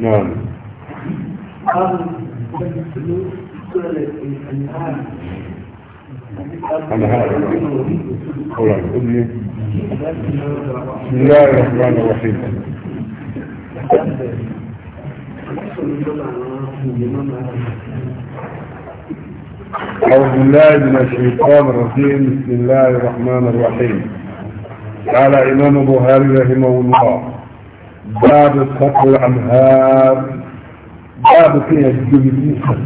نعم أنا هذا بسم الله الرحمن الرحيم أعوذ بالله من الشيطان الرجيم بسم الله الرحمن الرحيم قال إمام البخاري رحمه الله باب قطع الأنهار باب كي الجنسة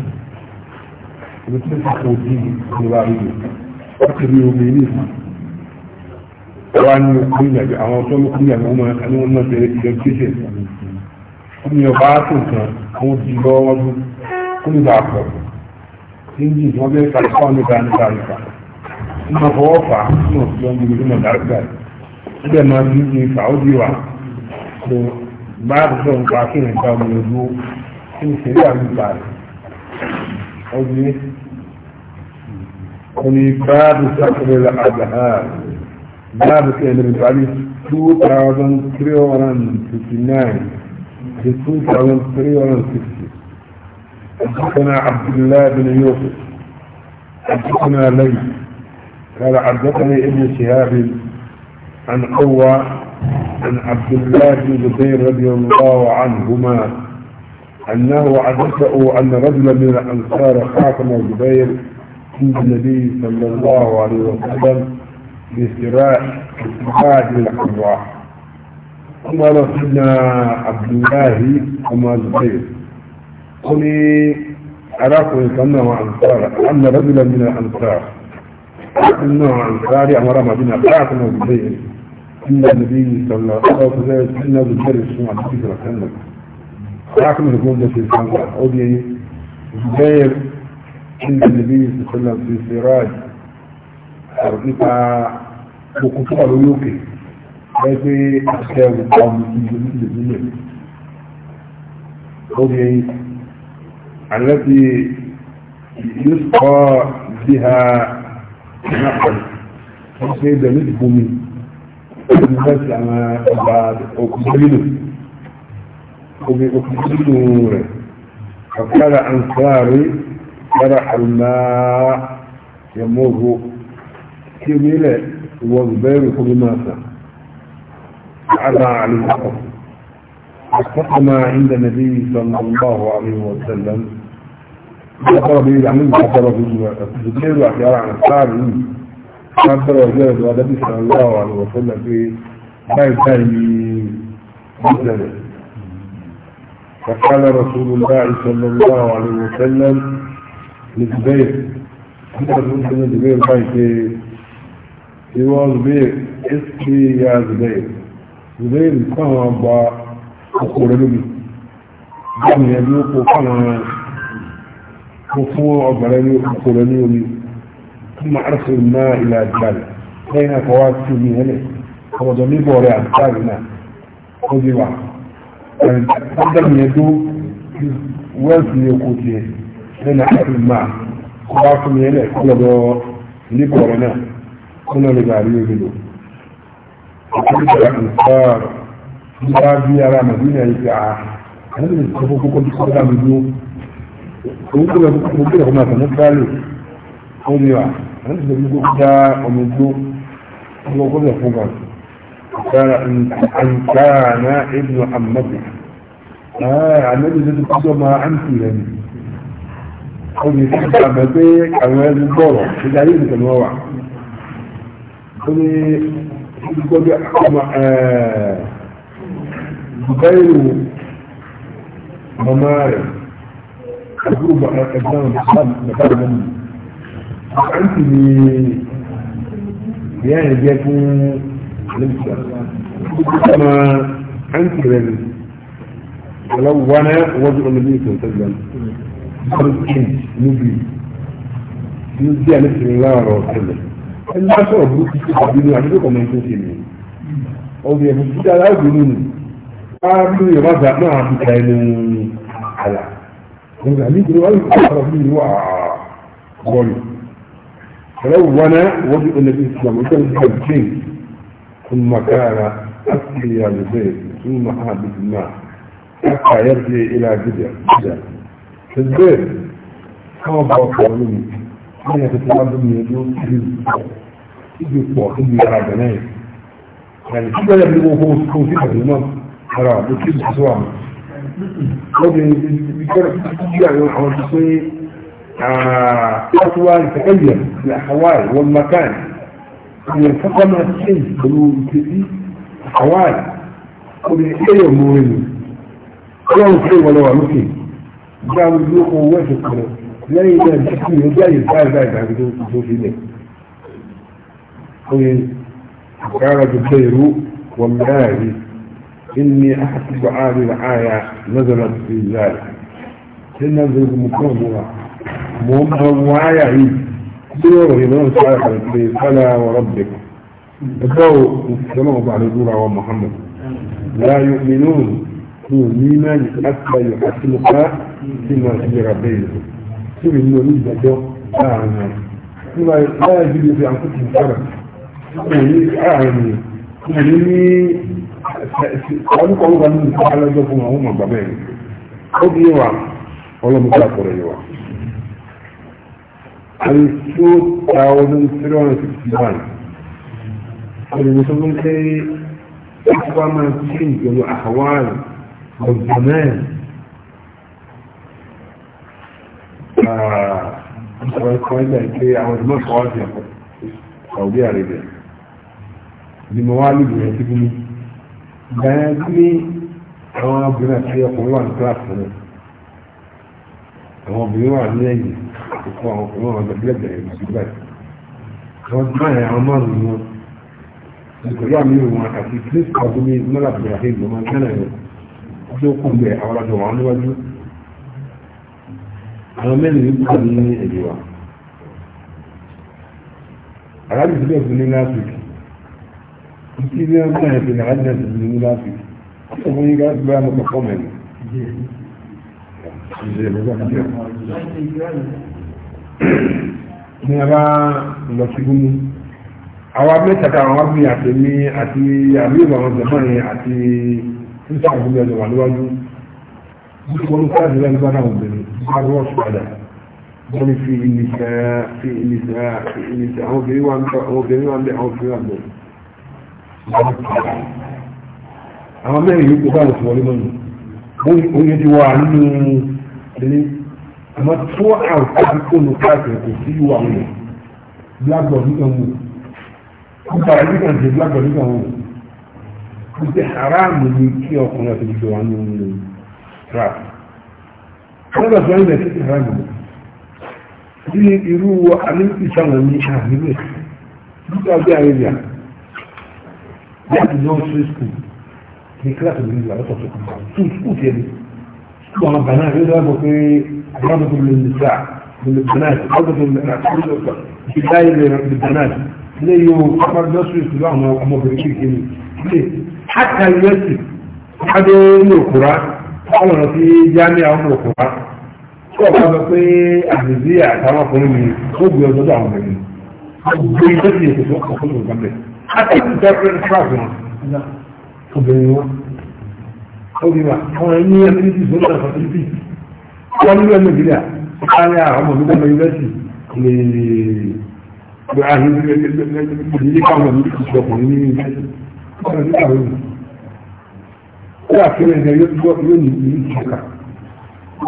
الجنسة خوتي خوارية فقر يومينيسة وأن يقنع بأعواصة مقنع هما يقنعون الناس يجنسة هم يبعثوا هم يجيبوا كل ذاكر يجي وبيك على قوم بان ذلك ثم توفى ثم يوم يجمع ذلك إذا ما يجي سعودي واحد so báàbù tó ń pa kí ní ìta ọmọ ìlú kí ní ṣe rí àmì ìbàdàn ọdún oní báàbù sákòrò àgbàhà báàbù tí ẹni ìbàdàn two thousand three hundred and fifty nine to two thousand three hundred and sixty حدثنا عبد الله بن يوسف حدثنا ليث قال حدثني ابن شهاب عن قوة عن عبد الله بن الزبير رضي الله عنهما أنه عدسه أن رجلا من الأنصار خاتم الزبير عند النبي صلى الله عليه وسلم بسراء بعد الحراء ثم رسلنا عبد الله وما الزبير قولي أراكم أنه أنصار أن رجلا من الأنصار أنه أنصاري أمر مدينة خاتم الزبير إن النبي صلى الله عليه وسلم إن النبي صلى الله عليه وسلم حاكم يقول ده في الحمد أودي زبير إن النبي صلى الله عليه وسلم في سراج أرقيتا بقطوع ريوكي لكي أخير الضم من أودي التي يسقى بها نحل فسيدة نسبه منه فقال انصاري فرح الماء يمره كميلة وزبير خدماتا على عليه الصفر استقم عند النبي صلى الله عليه وسلم فقال به العمين فقال به زبير وحيار عن الصاري sáńtọ́ ọjọ́ ìlú adébísọ̀ aláwọ̀ àlùwọ̀fẹ́ lọ pé báyìí báyìí ní ìṣẹ̀lẹ̀ فقال رسول الله صلى الله عليه وسلم لزبير أنت قلت لزبير في إيوا زبير اسمي يا زبير زبير كان أبا أقول لي كان يدوق وكان مفهوم أبا لي أقول لي ثم أرسل الماء إلى الجبل بين فواسط منه وضمي بوري أبطالنا خذوا فقدم يدو وزن يقوتي بين أرسل الماء خلاص منه كل دو لبورنا كنا لباري يجلو وكذلك الأنصار بلاد يرى مدينة يتعاه أنا من الكفوف كنت قدام يجلو وكذلك هناك نفعله خذوا أنا مش بيجو كتا ومجو هو كل فوقا كان أن كان ابن عمتي آه عمتي زي تقصى ما عمتي يعني قولي كتا عمتي كان هذا الدورة في دليل كان هو قولي قولي بغير ممارس أقول بقى أبنان بحال مكان مني àwọn sì ni ìyá yẹn jẹ́ fún alẹ́bíṣà na àǹtí rẹ̀ ni wọ́n wọ́n náà wọ́n ọmọdé ìtàn sẹ́gbà bọ́ọ̀lù kíńtì níbi ní bí alẹ́bíṣà ń láàárọ̀ tẹ̀lẹ̀ ẹni bá sọ̀rọ̀ burúkú sí ìbínú àdúgbò kọ̀ọ̀mọ̀ tó ṣe nìyẹn ya ẹ̀fọ́ sí dáadáa ó bínú nù káàbí yorùbá gbà náà á wà á bọ́ọ̀lù. تلون وجه النبي صلى الله عليه وسلم الحجين ثم كان أسقي لزيد ثم أهبط الماء حتى يرجع إلى جدع فالزيد صاب مني أنا تتعب من يدون يجب وقم يرى بناية يعني كيف يبلغوا هو سكون في هذا المنطق حرام وكيف حسوامه وجه بكرة يعني عمل تصوير فتوى آه، تغير الأحوال والمكان أن ينفصل الشيء بالمنتهي أحوال إيه مهمة ولو شيء ولو ممكن جاءوا يلوقوا وجهك لا يدان تكون يدان يدان يدان يدان يدان يدان قال جبير والله إني أحسب عالي العاية نزلت في ذلك إن نزل مكرمها mo ma wọ àyà yìí tí ó rọ̀ yìí lọ́wọ́ sí àyà kan pé sálà rọ́bì ẹgbẹ́ o ìṣẹ́lẹ̀ ọba àdúrà wa Muhammad láyò nínú ní òní náà yìí láti láyò àti lùkà sí máa ti yẹra bẹ́ẹ̀ yìí tí mi ní oní ìdájọ́ láàrin rẹ̀ nígbà láyà yìí lè fi àkókò ìṣẹ́lẹ̀ kò ní àárín rẹ̀ kò ní ní ọdún kan wà nínú ìṣẹ́lẹ̀ ọjọ́ fún àwọn ọmọ bàbá yìí ó bí wà ọlọ́mọdé àkọrẹ́ yìí wà. and 2,361 المسلمون كي أقوى ما تشيء والأحوال والزمان أقوى الكوالي كي أعود ما سؤال يقول سعودية عربية لموالد يتبني بادني أنا أبنى كي أقول الله أنت àwọn obìnrin wà ní ẹ̀yìn òkú àwọn ọkùnrin wọn lọ bílẹ̀ bẹ̀rẹ̀ ìgbà àwọn ti báyìí àwọn márùn-ún wọn nítorí àmì ìwọ̀n àti place ọdún ní mọ́lá bẹ̀rẹ̀ àti ìgbọ̀n máa kẹ́nà ẹ̀ ọjọ́ kù bẹ̀ àwọn ọjọ́ wọn níwájú àwọn mẹ́rin ní kúrò ní ẹ̀yìn wa arábì sílẹ̀ fún ní láfíìkì ní kí ní ọjọ́ ẹ̀fẹ̀ ní arábì sílẹ̀ fún ní láfíìkì ní a bá lọ sí gúnmú àwa mẹ́tàkà àwọn agbóyè àtẹ̀mí àti àbíyèwò àwọn jẹ̀mọ́rin àti nípa àgbóyè ọjọ́ wà níwájú wọ́n fẹ́ àdúrà nípa náà obìnrin bá rọ́ ṣùgbọ́dà wọ́n fi ìlìsẹ̀ fi ìlìsẹ̀ fi ìlìsẹ̀ àwọn obìnrin wà ń bẹ àwọn obìnrin wà ń bẹ àwọn obìnrin wà ń bẹ àwọn mẹ́rin yóò kó bá àwọn oye ti wà nínú ilé àmọ́ tó àwọn akókòlù káàkiri kò sí ìwà wọn blackboard nígbà wọn kúta ẹbí kan ti blackboard nígbà wọn kò sí haramu ní kí ọkùnrin àti ìjọba nínú trap wọ́n lọ sọ ilẹ̀ títí haramu bí irú àmì ìsàwọn ní àmì rẹ̀ nígbà bí àrẹ́bíà láti lọ́ọ́ sí skul ní kíláàsì lórí ìlú àlọ́sọ̀ tuntun tún sùkúù tiẹ̀ ni sùkúù àwọn bàná rẹ̀ ló dábọ̀ pé àbúrò tó lè ní sáà lè bàná rẹ̀ àbúrò tó lè rà tó lè sọ̀ ìfi dáyé lè rẹ̀ bàná rẹ̀ ilé yóò kápá lọ́sù ìṣúlọ àwọn ọmọbìnrin kéèké ni ilé hàtà yẹsì adé ní òkúra àwọn ọ̀nà tí jáde àwọn òkúra tó ọ̀pá bẹ pé àdìsí àtàwọn ọkùnrin mi ó gbé ọjọ́ àwọn ọmọbìnrin ó gbé ìtọ́sí ìṣòfò ọkùnrin ọ̀gbọ́n bẹ̀ hàtà ìṣòfò obìnrin wọn obìnrin àwọn ẹni ẹmẹ́lẹ́tì tó ń tàn fàtílítì wọ́n nílò nàìjíríà káàrí àwọn ọmọ nígbà yúnẹ́sì lè gbé ahìn ìdílé ọmọ nígbà ìṣọkùnrin ní yúnẹ́sì ọ̀rọ̀ nígbà wọn ó yà fẹ́rẹ̀ ẹ̀jẹ̀ yóò gbọ́ yóò ní ìlú ìṣọ̀kà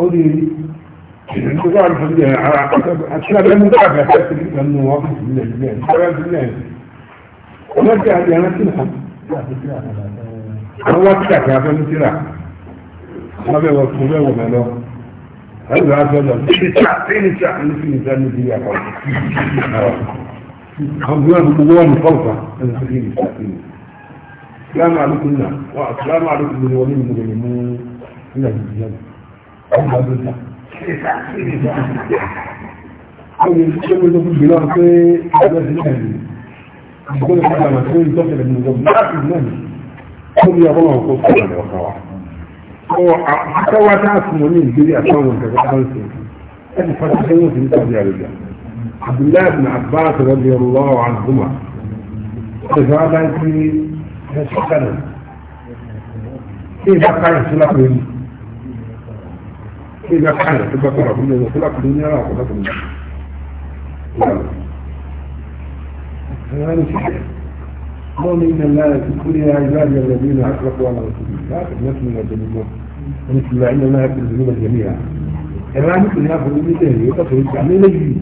ó ní ìṣẹ̀lẹ̀ tó wà nípa ara àti abẹ́mú káàkiri àti àti ìlànà ọ̀fíìsì nílẹ̀ nílẹ̀ ọ̀rọ̀ nígbà yẹn wọ́n wá kíkà kí a síra wọ́n bẹ̀ wọ́n fún bẹ́ẹ̀ wọ̀ mẹ́ lọ. Àwọn ìlú aṣọ ọ̀dọ̀ sínísà sínísà ní sínísà ní ìdílé àkọ́. Àwọn ìlú gbogbo wọn ní fọ́ọ̀fà ní sínísà sínísà. Ìsìlámù àdúgbò náà wọ́n àtìlámù àdúgbò ni wọ́n ní ìmúlẹ̀ ní ìlà ìdílé àná. Àwọn ìlú aṣọ náà. Àwọn ìlú aṣọ gbogbo gbogbo náà pé ẹgbẹ́ sílẹ̀ ní. Àkókò ìfọ̀dà kóbi ọlọ́run kó sọ̀rọ̀ ní ọ̀kan wa. akẹ́wà tá a fún wọn ní ìgbéri àtàwọn ìgbàgbọ́ bá ń sè é ẹni fata sẹ́yìn òsì ní sàbí àrẹ̀bíà abdullahi bin abbas rabi allah anhuma ọ̀sẹ̀ wa bá ń kí ẹ sọ́kànà kí ìgbà káyọ̀ sílá pé ní kí ìgbà káyọ̀ sílá pé ní ìgbà sílá pé ní ara ọ̀pọ̀lọpọ̀ ní. مؤمن الله كل عبادي الذين أشركوا على رسول الله نسمي الجنوب ونسمي إن الله يغفر الذنوب جميعا ẹ̀rọ amúkùnrin àfọwọ́bí tẹ̀lé yóò tọ̀tọ̀ ìgbà nílẹ̀ yìí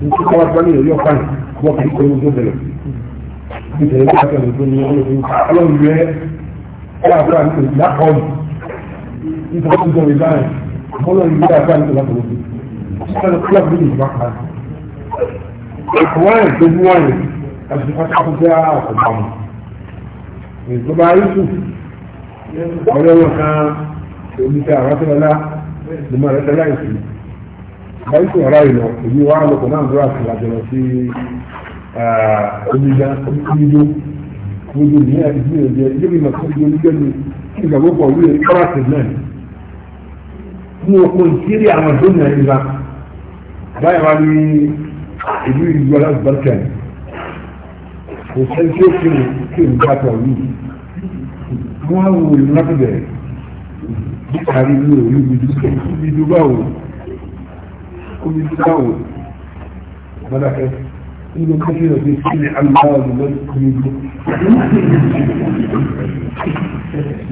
ní kí kọ́wá tó nílò yóò kàn wọ́n kì í kọ́ ojú bẹ̀rẹ̀ ní tẹ̀lé bí akẹ́kọ̀ọ́ tó ní ọlọ́run tó ń ká ọlọ́run rẹ̀ ẹ̀rọ àfọwọ́ àti ìgbà kọ́ọ̀lù nítorí tó ń jẹun ìgbà rẹ̀ ọlọ́run yìí dá àfọwọ́ àti ìgbà kọ́ọ̀lù àti pátákó pé a kò bá mu ìjọba ayétu ọ̀rẹ́ wọn kan èmi tẹ àwọn àtẹlẹlá ni mo rẹ tẹlẹ ìsì ayétu ọ̀rá yìí lọ èmi wà á lọkọ̀ náà dúró àtìlá jọlọ sí omidá omidó omidó ní àti ẹ̀jẹ̀ ẹ̀jẹ̀ mi màkà omidó ní kí n gbàgbọ́ pọ̀ wíyẹn kọ́láṣì náà mo kò ní àwọn tó nà ẹ̀ báyìí wá ní ìlú ìlú alágbàtà kò sẹ́ni tí ó fi lè kí n bá tọ̀ yìí wọ́n á wo ìlú láti bẹ̀rẹ̀ nítorí mi ò rí omi dúdú omi dúdú báwo omi dúdú báwo bọ́dà kẹ́ nínú kọ́sí ọ̀dẹ́ sílẹ̀ aláwọ̀ lọ́dún omi dúdú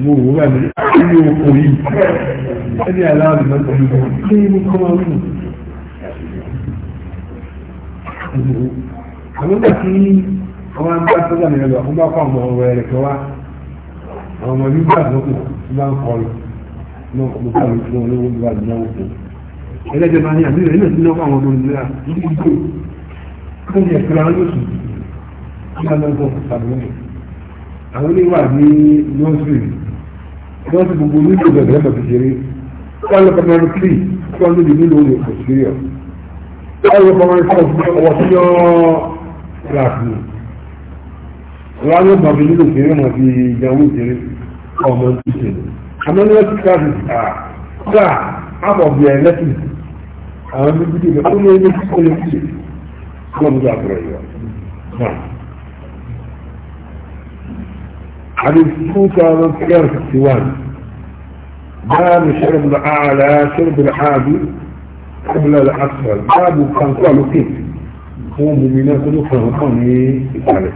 mo wò wá ní ilé oko yìí ẹni aláwọ̀ lọ́dún omi dúdú kí ni kọ́ máa wù àwọn ìgbà tí àwọn àgbà sọ́jà nìyẹn lọ fún bá kọ́ àwọn ọmọ rẹ̀ kẹwa àwọn ọmọ bíbá àdókù tí bá ń kọ́ lọ náà mo bá mi fún olówó bíbá àdókù fún ẹlẹ́jẹ̀ máa ní àbí rẹ̀ nílẹ̀ sínú àwọn ọmọ ìlú rà ní ìgbò kí ni ẹ̀kọ́ ara yóò sùn kí a lọ́gbọ́n sàbẹ̀wò àwọn oníwà ní nọ́ọ̀sì nọ́ọ̀sì gbogbo nílò bẹ̀rẹ̀ wọn yóò máa fi lílo ìṣeré wọn fi ìyàwó ìṣeré ọmọ ní ìṣeré àmọ́ ní lẹ́tí káàdì gbà àbọ̀bí ẹ̀ lẹ́tí àwọn méjì dìbò ó ní ẹni tí kò lè fi kọ́ ní àbúrò yìí wá. حديث 2061 باب شرب الأعلى شرب العادي قبل الأسفل باب كان قالوا كيف هو مؤمنات نفهم قومي الثالث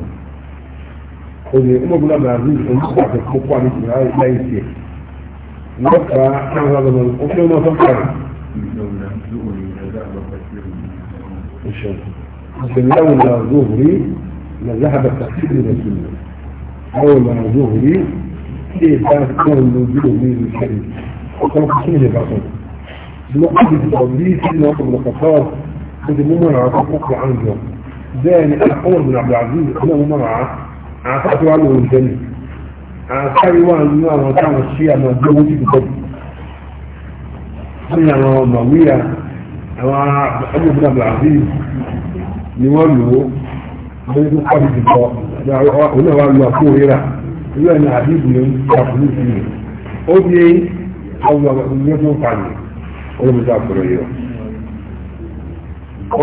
oye ọmọ ìgbìmọ̀ brazil olùkọ́ àti kókó àti ìgbìmọ̀ láyé tiẹ̀ wọ́n fà á káwọn ọmọ ọmọ ọmọ ọmọ ọmọ ọmọ لو لا ظهري لذهب تقصير رسول أو لا ظهري كيف كان موجود من الكريم وكان قسمه بطل لقد تضليه سيدنا عمر بن الخطاب كنت ممنع عن حقوق عن اليوم ثاني الحور بن عبد العزيز أنا ممنع àfáàtì wà lórí ìfẹ́ni àfáàrí wà nínú àwọn táwọn ṣí àmọ́ gbówó sí ìtọ́jú wọ́n ní àwọn màwíyà àwọn ọmọbìnrin àbúràbí ni wọ́n lò ó lórí tó pàdé jùlọ òun náà wà lọ àpò òrera ìlú ẹni àdìbò ló ń ta fún ìsinmi ó di àwọn ọmọbìnrin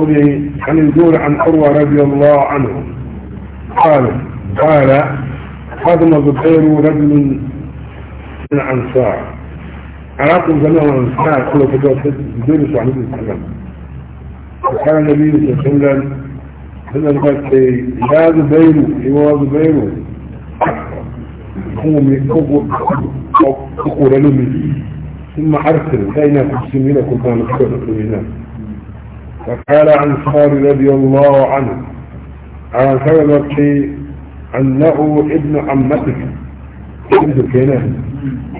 yìí عن عن عروة رضي الله عنه قال قال خدم الزبير رجل من الأنصار عراقم جميع الأنصار كل فتوى الزبير صلى الله عليه وسلم فقال النبي صلى الله عليه وسلم هذا الوقت يا زبير هو زبير قومي أقول لهم ثم أرسل بين المسلمين أنا نذكر المؤمنين فقال أنصار رضي الله عنه أنصار الوقت أنه ابن عمتك ابن كنان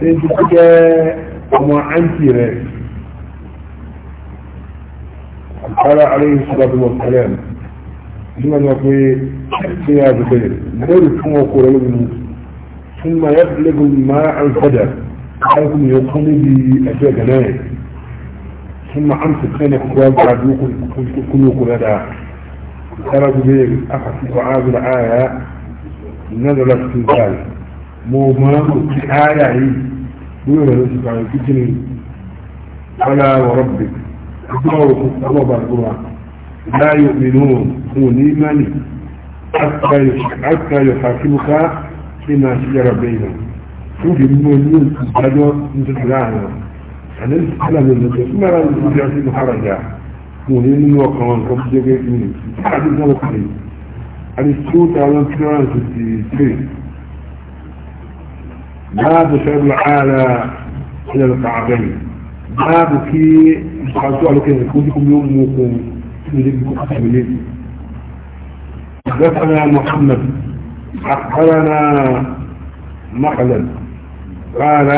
انت كده وعنتي رأي قال عليه الصلاة والسلام لمن يقول يا بدر بدر ثم يقول له ثم يبلغ الماء الفدى حيثم يقوم بأشياء جنائك ثم أمسك خينك وابعد يقول كل يقول هذا خرج به أخذ في عابر آية ìnáwó lọ sí ìgbàlẹ̀ mo mọ òkè áyà yìí bóyá ìrọ̀lẹ́ ti parí kíkí ni ọlá ọ̀rọ̀ bẹ̀ ọjọ́ òkú ọmọ bàbá wa láyé òmìnú òun ò ní mẹ́ni àtúntà yóò fàkíwúká sí máa ṣe yára bẹ́ẹ̀ náà tó fi mú ní ìdájọ́ nítorí láàrin wọn àní ìsìlámù lọ́jọ́ fún mẹ́ra ní ìdájọ́ sí mọ́hárà yá òun ní nínú ọkàn wọn kọ́ bí jẹ́gẹ́ ní ìdájọ́ and it's 2363 باب شعب العالى إلى الكعبين باب كي يتخلصوا على كيف يكون يوم موكم يجبكم أسملين حدثنا محمد أخبرنا محلا قال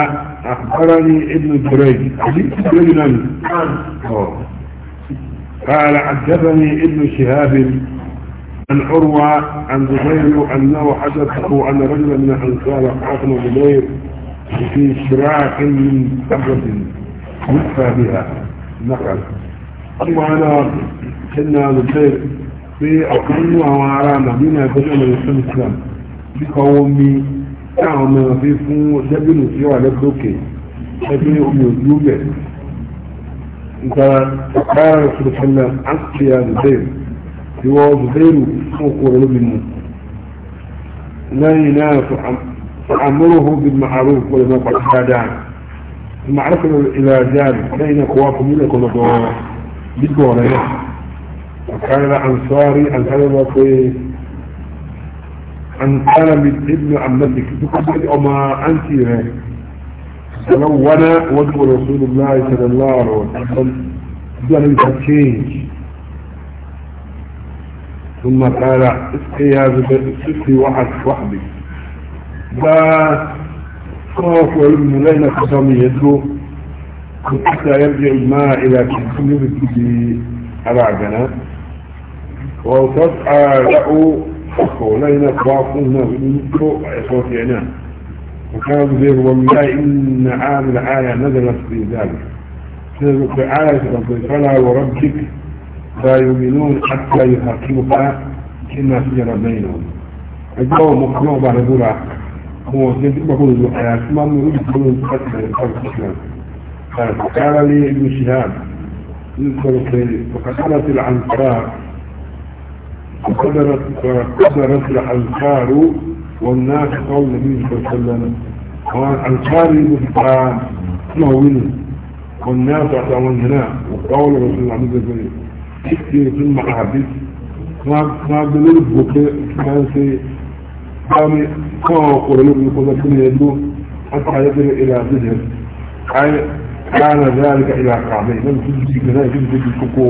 أخبرني ابن جريج حديث جريج قال حدثني ابن شهاب عن عروة عن زبير أنه حدثه أن رجلا من الأنصار حاكم زبير في شراك من تمرة يدفع بها نقل أما أيوة أنا كنا زبير في أقل وعلى مدينة بدأ من الإسلام بقومي كان في فون دبل سوى لبدوكي أبي أمي يوجد أنت قال رسول الله عن قيام زبير ìwọ zubairu ọkọ̀ olóbìnrin لا يناف fa'amuruhu بالمعروف ma'ruf wal المعرفة إلى جانب بين قواكم إلى كل دور يعني. وكان الأنصاري أن كان في أن كان ابن عمتك تقول أما أنت يعني. تلون وجه رسول الله صلى الله عليه وسلم دون التشينج ثم قال اسقي اسقي واحد وحدي با لا خوف والملينة قسم يدلو حتى يرجع الماء إلى تنسلب على عجلة وتسعى لأو له حولين بعضنا بمثل عصوات عنا وكان بذير والله إن عام الآية نزلت في ذلك سيدك آية فلا وربك فيؤمنون حتى يحكموك كما سجن بينهم الجواب مخلوق بعد برع هو سيدي بقول ذو حياة ما مرد بقول ذو حياة فقال فقال لي ابن شهاب يذكر خيري فقتلت العنقار فقدرت فقدرت العنقار والناس قول النبي صلى الله عليه وسلم قال والعنقار المفتاح ما هو والناس اعطاهم هنا وقول رسول الله عليه وسلم kékeré tó máa àbí máa gbé lórí gbòkè máa ń ṣe báwọn kọ́ ọkùnrin lórí kọjá tó yẹ ló wọ́n tàbí ayé pẹ̀lú ìlà àbíjẹ ayé káàna dáàrí ka ìlà kàmé náà tó ti gbé náà ìdíje ti kókó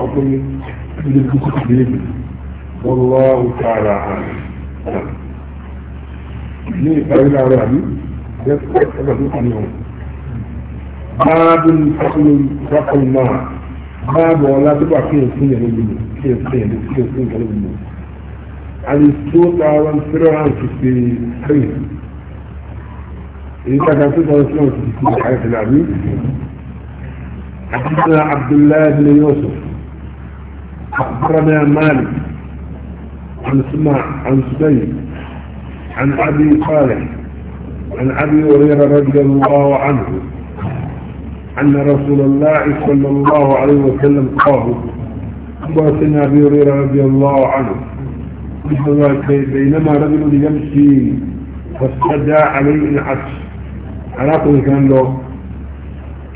ọkùnrin ìdíje ti kókó ìdíje wọ́n lọ́wọ́ tààrà àná. ní ìparí láàárọ̀ àbí ẹgbẹ́ tó kọ́ ẹgbẹ́ tó kọ́ ní ọ̀hún. báàbù ní sọ́kùnrin sọ́kùnrin náà báàbọ̀ ọlá tó bá kéèyàn fún yẹn lóbi mu kéèyàn fún yẹn lóbi kéèyàn fún yẹn lóbi mu and it's two thousand three hundred and fifty three èyí kàkà two thousand three hundred and fifty three àyẹ̀fẹ̀ náà rí àdìsá abdullahi bin yusuf أخبرنا مالك عن سماع عن سبيل عن أبي صالح عن أبي هريرة رضي الله عنه أن رسول الله صلى الله عليه وسلم قال وسنا أبي هريرة رضي الله عنه بينما رجل يمشي فاستدى عليه العكس طول كان له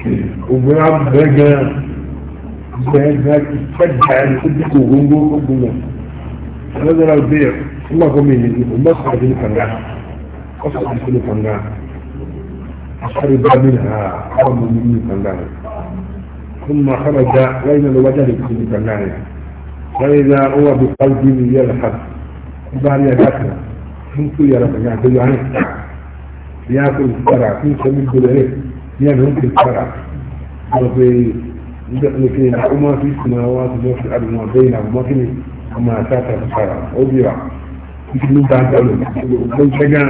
بقى بقى بقى استدى عن صدق وغنبو وغنبو هذا البيع الله ما ومسعى في الفنان قصد في الفنان شرب منها قوم من فلاح ثم خرج بين الوجل في فلاح فإذا هو بقلبه يلحق بان يلحد كنت يا يرى فجعته عنه يأكل الشرع كنت من بلعه ينهم في الشرع وفي لكن وما في السماوات وما في الأرض وما وما في وما أتاك في الشرع أوبيع كنت من بعد ذلك وكل شجاع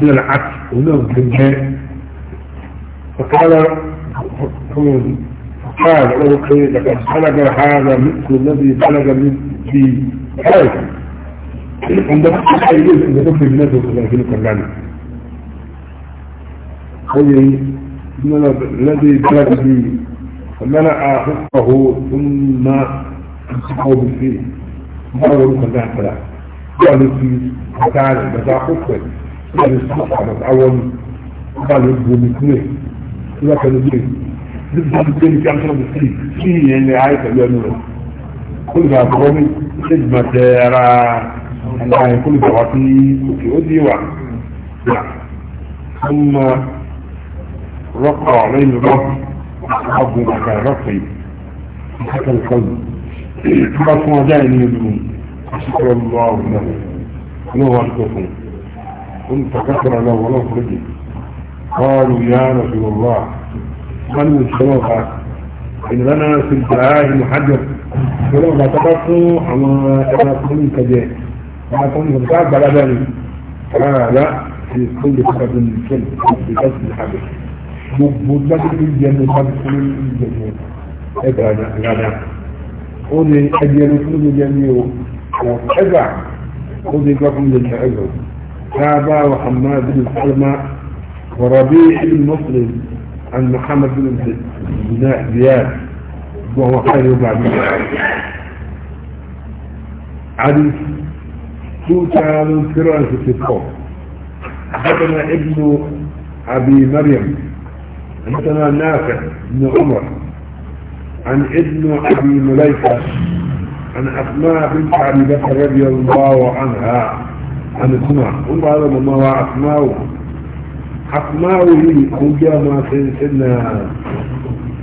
من العكس ولو بالجاء فقال فقال أوكي لقد بلغ هذا مثل الذي بلغ من في حيث عندما تحيز إذا تفهم الناس وثلاثين كلانا قولي الذي بلغ بي فملأ حقه ثم انسحه بالفيل ما مرة كلانا كلام قال الفيل فتعالى بتاع حقه قال يستحقنا الأول قال يبدو مثلين لا كان دين يبدو مثلين كان شرب السيد فيه يعني عايزة يانونا كل ذا قومي خدمة تيرا الآن كل ذا عطيب وفي أدي وعن ثم رقع عليه الرب حظ مكان رقي حتى القلب ثم سمع دائني يبنون شكرا الله له له أشكركم قل فكفر له ولو فرجه قالوا يا رسول الله من الشواقع إن لنا في الجهاز محجر ولو لا تقصوا أما أراكم كجاه أراكم كبتاب بلا بالي قال في كل كتاب من الكلب بقصد الحجر لك في الجنة قد كل الجنة إبرانا غدا قولي أجل كل الجنة إبرانا قولي قفل الجنة كابا وحماد بن سلمة وربيع بن مسلم عن محمد بن زياد وهو خير بعد عن حديث 2054 حدثنا ابن أبي مريم حدثنا نافع بن عمر عن ابن أبي مليكة عن أسماء بنت أبي بكر رضي الله عنها عن السمع وما هذا ما هو أسماء أسماء لي أو جاء ما سيدنا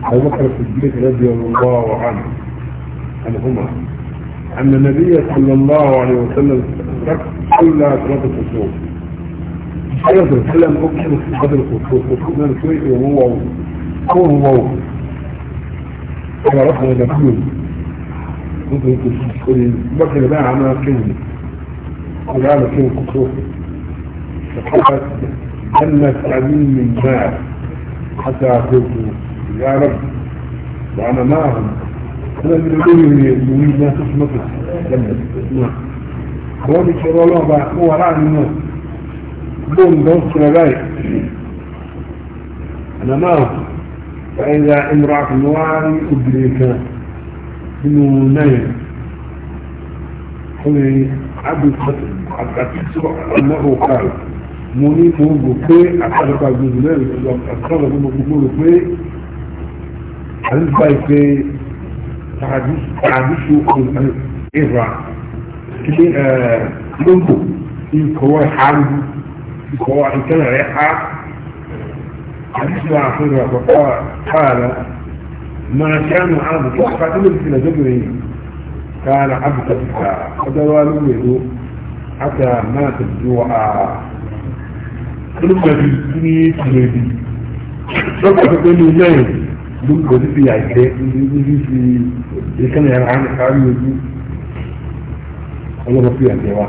أبو بكر الصديق رضي الله عنه عن عنهما أن النبي صلى الله عليه وسلم صلى صلاة الخشوع صلى الله عليه وسلم أكثر صلاة الخشوع خشوع من شوي وهو وهو عرفنا نقول كنت بكر بقى عمل كلمة قال في الكسوف فقالت هل علي من ماء حتى قلت يا رب وانا معهم انا من الدنيا يريد ما تصمت لما هو بيشير الله بقى هو رأى الناس دون دوس لغاية انا معهم فإذا امرأة نواري أدريك بنو نايم قل عبد الفتح آه، عبد الفتح أنه قال منيب بكي أعتقد من ذلك أعتقد من بقول بكي هل بايكي تعديش تعديش من إيران كي لنبو في كواي حالي في كواي كان ريحة حديث الأخير وقال ما كانوا عرض فاتلوا في الجبرين كان عبدا فدوال يدو حتى مات الجوع كلمة في تريدي لقد تقول لي دون كنت في عيدة في كان يرعان الحالي يدو الله بطيع الجواب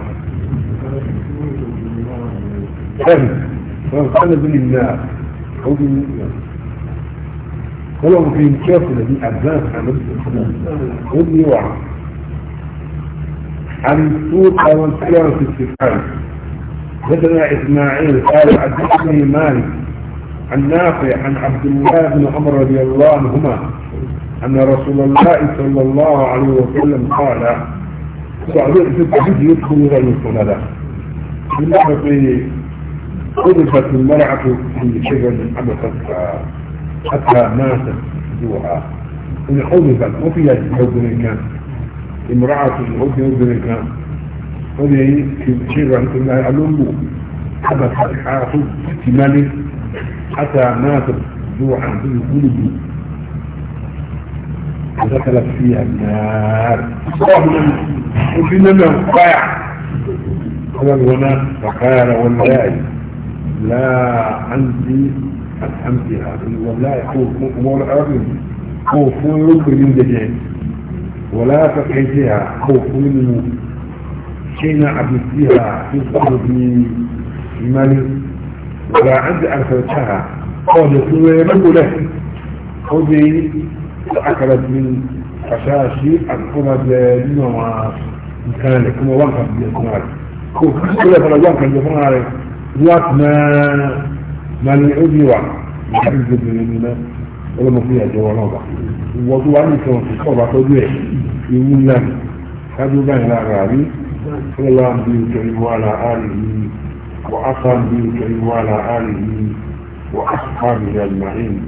حلو فقال بالله قولوا ولو في كافر الذي أبداك عن نفسه قولي وعلا عن سوق أو الكلام في الاستفهام حدثنا إسماعيل قال حدثني مالك عن نافع عن عبد الله بن عمر رضي الله عنهما أن رسول الله صلى الله عليه وسلم قال سعودين في التحديد يدخل غير الصلاة بالنسبة في قذفت المرأة في شجر عبثت حتى ماتت جوعا إن يعني قذفت وفي يد الناس امرأة العود يرد الإكرام ودي شيء رحمة الله حبث حبت حافظ احتماله حتى مات جوعا في قلبه ودخلت فيها النار صاحبنا وفينا وقع قال الغناء فقال والله لا الحمد لله والله خوف أمور أرض خوف أمور أرض من دجاج ولا تقعدها خوف منه حين عبدتها من بمال ولا عند أرسلتها قالت ويمن له خذي أكلت من خشاشي القمد لنوع كان لكم وانقف بالقمد خوف كل فلا وانقف بالقمد وقت ما ما لعودي وقت الحمد لله ọlọ́mọ fún ìyàjọ ọlọ́ba ìwọ tó wà ní ìtàn òfin kọ́ ọba tọ́jú ẹ̀ ewu báyìí lára rí fúnlá bí ìjọ ìwọ àlà àrè yìí wà á sá bí ìjọ ìwọ àlà àrè yìí wà á sá bí ìyàjọ àlè yìí